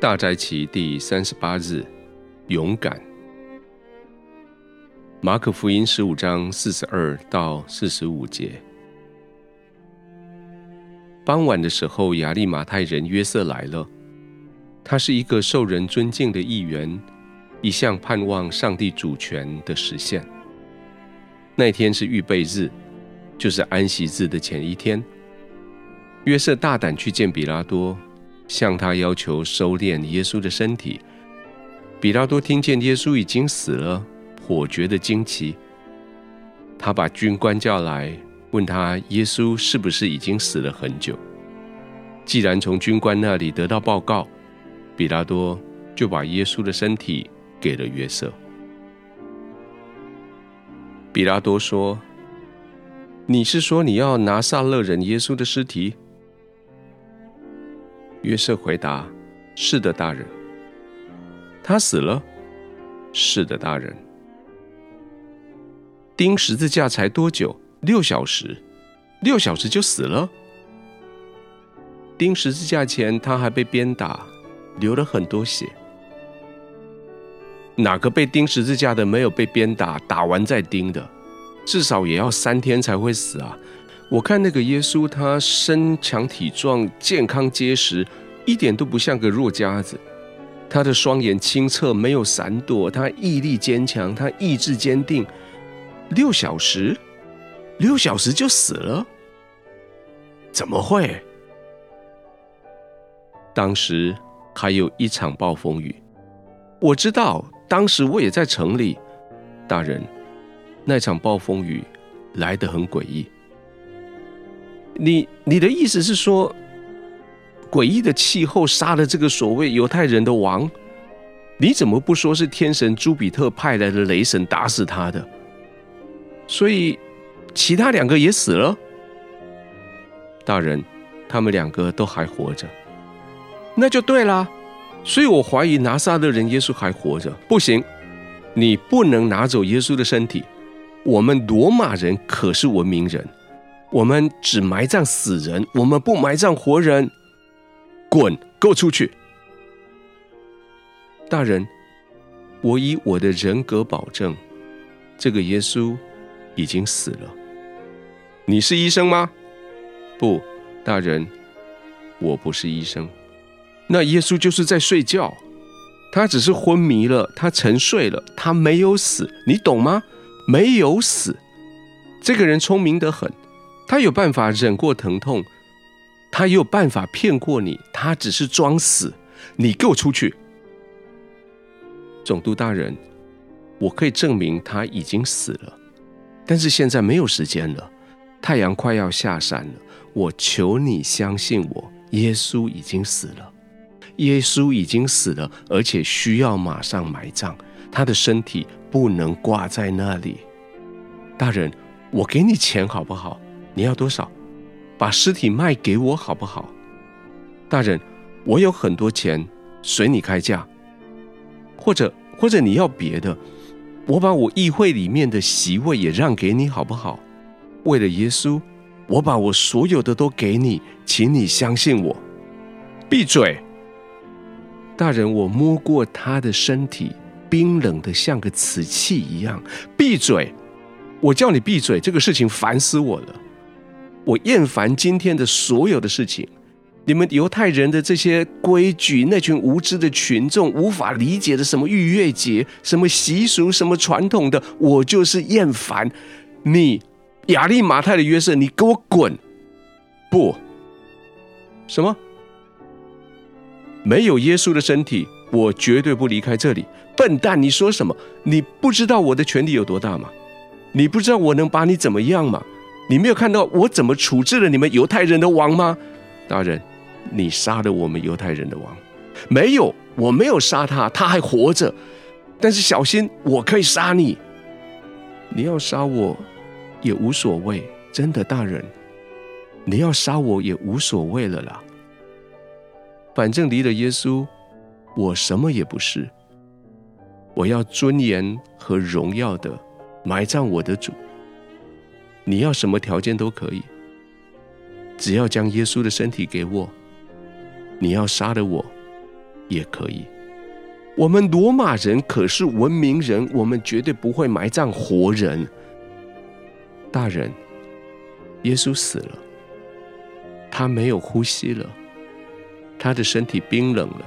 大齋期第三十八日，勇敢。馬可福音十五章四十二到四十五節。傍晚的時候，亞利馬太人約瑟來了，他是一個受人尊敬的議員，一向盼望上帝主權的實現。那天是預備日，就是安息日的前一天。約瑟大膽去見彼拉多，向他要求收斂耶穌的身體。彼拉多聽見耶穌已經死了，頗覺得驚奇。他把軍官叫來，問他耶穌是不是已經死了很久。既然從軍官那裡得到報告，彼拉多就把耶穌的身體給了約瑟。彼拉多說：“你是說你要拿撒勒人耶穌的屍體？”約瑟回答：“是的，大人。他死了？是的，大人。釘十字架才多久？六小時，六小時就死了？釘十字架前他還被鞭打，流了很多血。哪個被釘十字架的沒有被鞭打，打完再釘的，至少也要三天才會死啊！”我看那個耶穌，他身強體壯、健康結實，一點都不像個弱家子。他的雙眼清澈，沒有閃躲，他毅力堅強，他意志堅定。六小時？六小時就死了？怎麼會？當時還有一場暴風雨。我知道，當時我也在城裡。大人，那場暴風雨來得很詭異。你你的意思是說，詭異的氣候殺了這個所謂猶太人的王？你怎麼不說是天神朱庇特派來的雷神打死他的？所以其他兩個也死了？大人，他們兩個都還活着，那就對了。所以我懷疑拿撒勒人耶穌還活着。不行，你不能拿走耶穌的身體。我們羅馬人可是文明人。我們只埋葬死人，我們不埋葬活人。滾，給我出去！大人，我以我的人格保證，這個耶穌已經死了。你是醫生嗎？不，大人，我不是醫生。那耶穌就是在睡覺，他只是昏迷了，他沉睡了，他沒有死，你懂嗎？沒有死。這個人聰明得很。他有辦法忍過疼痛，他也有辦法騙過你。他只是裝死。你給我出去。總督大人，我可以證明他已經死了。但是現在沒有時間了，太陽快要下山了。我求你相信我，耶穌已經死了，耶穌已經死了，而且需要馬上埋葬。他的身體不能掛在那裡。大人，我給你錢好不好？你要多少？把屍體賣給我好不好？大人，我有很多錢，隨你開價。或者，或者你要別的，我把我議會裡面的席位也讓給你好不好？為了耶穌，我把我所有的都給你，請你相信我。閉嘴！大人，我摸過他的身體，冰冷得像個瓷器一樣。閉嘴！我叫你閉嘴，這個事情煩死我了。我厭煩今天的所有的事情，你們猶太人的這些規矩，那群無知的群眾無法理解的什麼逾越節、什麼習俗、什麼傳統的，我就是厭煩。你亞利馬太的約瑟，你給我滾！不，什麼？沒有耶穌的身體，我絕對不離開這裡。笨蛋，你說什麼？你不知道我的權力，有多大嗎？你不知道我能把你怎麼樣嗎？你沒有看到我怎麼處置了你們猶太人的王嗎？大人，你殺了我們猶太人的王。沒有，我沒有殺他，他還活着。但是小心，我可以殺你。你要殺我也無所謂，真的，大人，你要殺我也無所謂了啦。反正離了耶穌，我什麼也不是。我要尊嚴和榮耀的埋葬我的主。你要什麼條件都可以，只要將耶穌的身體給我。你要殺了我，也可以。我們羅馬人可是文明人，我們絕對不會埋葬活人。大人，耶穌死了，他沒有呼吸了，他的身體冰冷了，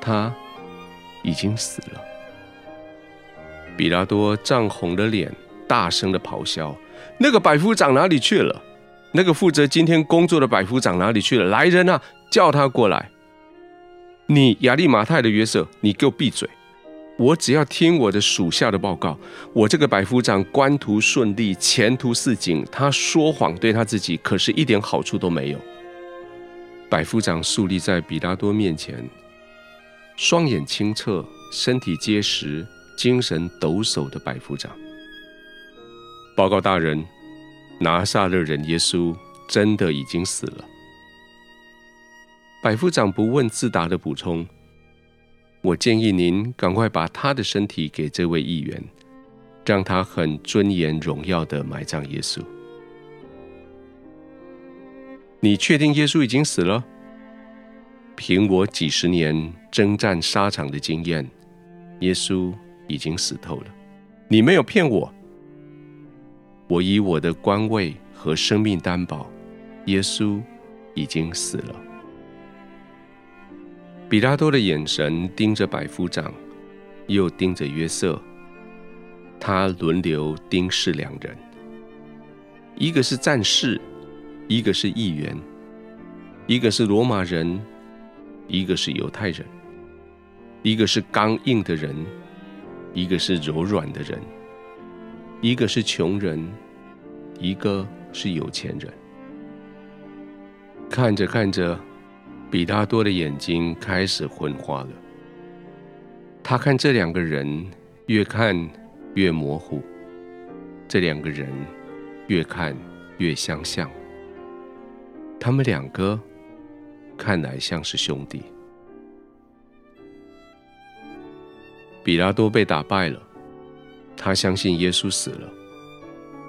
他已經死了。比拉多漲紅了臉，大聲的咆哮。那個百夫長哪裡去了？那個負責今天工作的百夫長哪裡去了？來人啊，叫他過來！你亞利馬太的約瑟，你給我閉嘴！我只要聽我的屬下的報告。我這個百夫長官途順利，前途似錦。他說謊對他自己可是一點好處都沒有。百夫長肅立在彼拉多面前，雙眼清澈，身體結實，精神抖擻的百夫長。報告大人，拿撒勒人耶穌真的已經死了。百夫長不問自答的補充：“我建議您趕快把他的身體給這位議員，讓他很尊嚴榮耀的埋葬耶穌。你確定耶穌已經死了？憑我幾十年征戰沙場的經驗，耶穌已經死透了。你沒有騙我。”我以我的官位和生命擔保，耶穌已經死了。比拉多的眼神盯着百夫長，又盯着約瑟，他輪流盯視兩人：一個是戰士，一個是議員；一個是羅馬人，一個是猶太人；一個是剛硬的人，一個是柔軟的人。一個是窮人，一個是有錢人。看着看着，彼拉多的眼睛開始昏花了。他看這兩個人，越看越模糊。這兩個人，越看越相像。他們兩個，看來像是兄弟。彼拉多被打敗了。他相信耶穌死了。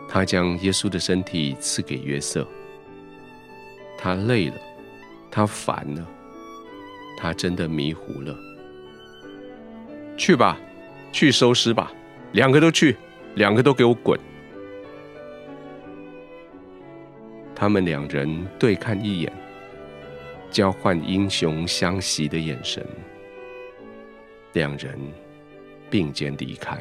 他將耶穌的身體賜給約瑟。他累了，他煩了，他真的迷糊了。去吧，去收屍吧，兩個都去，兩個都給我滾！他們兩人對看一眼，交換英雄相惜的眼神，兩人並肩離開。